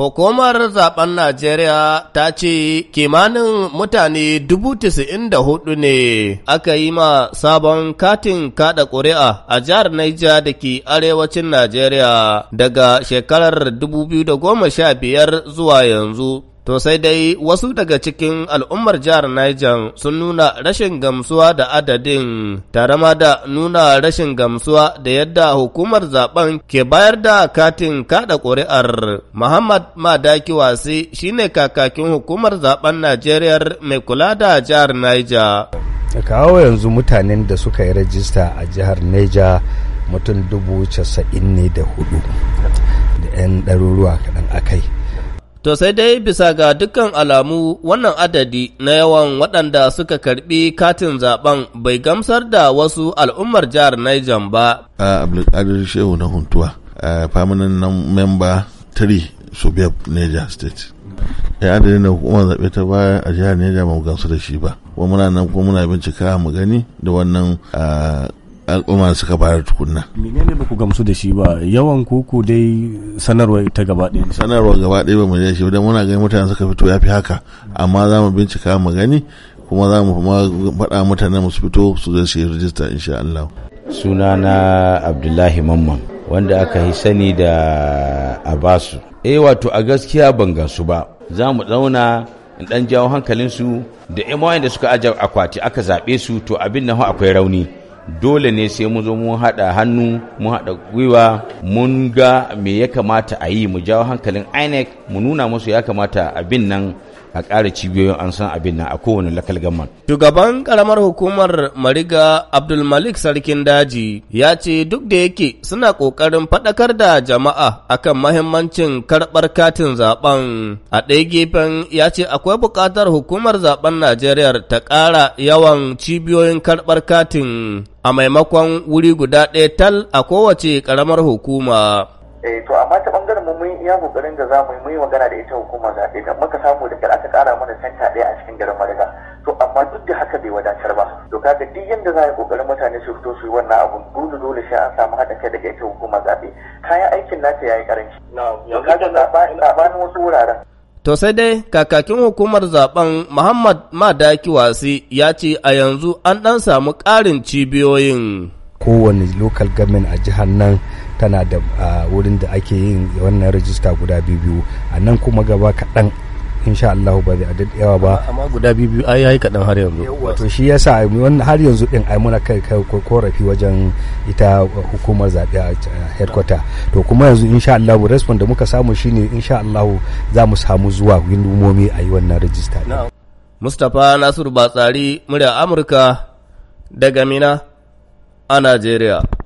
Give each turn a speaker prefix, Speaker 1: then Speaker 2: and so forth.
Speaker 1: Hukumar zaben Najeriya ta ce kimanin mutane dubu da hudu ne aka yi ma sabon katin kada ƙuri'a a jihar Naija da ke arewacin Najeriya daga shekarar sha biyar zuwa yanzu. To sai dai wasu daga cikin al'ummar jihar Niger sun nuna rashin gamsuwa da adadin, tare ma da nuna rashin gamsuwa da yadda hukumar zaben ke bayar da katin kada ƙuri'ar. Muhammad Madaki Wasi shine kakakin hukumar zaben Najeriya mai kula da jihar Niger.
Speaker 2: kawo yanzu mutanen da suka yi rajista a jihar Niger mutum dubu casa'in ne da hudu da 'yan ɗaruruwa kaɗan akai.
Speaker 1: To sai dai bisa ga dukkan alamu wannan adadi na yawan waɗanda suka karɓi katin zaben bai gamsar da wasu al'ummar jihar Niger
Speaker 3: ba. A Abdulkadir Shehu na Huntuwa, a permanent member 3 Sobeb Niger State. Ya adadin na hukumar zaɓe ta baya a jihar Niger ba mu gamsu da shi ba. Kuma muna nan kuma muna bincika mu gani da wannan al'umma suka fara tukunna menene ba ku gamsu da shi ba yawan kuku dai sanarwa ta gaba ɗaya sanarwa gaba ɗaya ba mu je shi dan muna ganin mutane suka fito fi haka amma za mu bincika mu gani kuma za mu faɗa mutane mu su fito su zai su yi rijista insha Allah sunana
Speaker 4: Abdullahi Mamman wanda aka yi sani da Abasu eh wato a gaskiya ban gasu ba za mu zauna in dan jawo hankalinsu da 'yan da suka ajiye akwati aka zaɓe su to abin nan akwai rauni dole ne sai mun zo mun haɗa hannu mun haɗa gwiwa mun ga me ya kamata a yi mu jawo hankalin inec mu nuna musu ya kamata abin nan a ƙara cibiyoyin an san abin nan a kowane lakal gamman. Shugaban ƙaramar hukumar Mariga Abdulmalik Sarkin Daji ya
Speaker 1: ce duk da yake suna ƙoƙarin faɗakar da jama'a akan mahimmancin karɓar katin zaɓen a ɗaya gefen ya ce akwai buƙatar hukumar zaɓen Najeriya ta ƙara yawan cibiyoyin karɓar katin a maimakon wuri guda ɗaya tal a kowace ƙaramar hukuma.
Speaker 2: eh to amma ta bangaren mu mun iya kokarin da zamu yi yi magana da ita hukumar zaɓe ta muka samu da kar aka santa ɗaya a cikin garin madaga to amma duk da haka bai wadatar ba to kaga duk yanda za a yi kokarin mutane su fito su yi wannan abun dole dole sai an samu haɗa kai daga ita hukuma zaɓe kayan aikin nata yayi karanci to kaga sabanin wasu wuraren
Speaker 1: To sai dai kakakin hukumar zaben Muhammad Madaki Wasi ya ce a yanzu an ɗan samu ƙarin cibiyoyin.
Speaker 2: Kowane local government a jihar nan tana da ah, wurin da ake yin wannan rajista guda biyu a nan kuma gaba kaɗan insha Allah ba zai yawa ba
Speaker 1: amma guda biyu biyu ai yayi kadan har yanzu
Speaker 2: wato shi yasa wannan har yanzu din ai mana kai kai korafi wajen ita hukumar zabe a headquarter to kuma yanzu insha Allah response da muka samu shine insha Allah za mu samu zuwa windumomi a yi wannan register
Speaker 1: Mustapha Nasiru Batsari murya Amurka daga Mina a Najeriya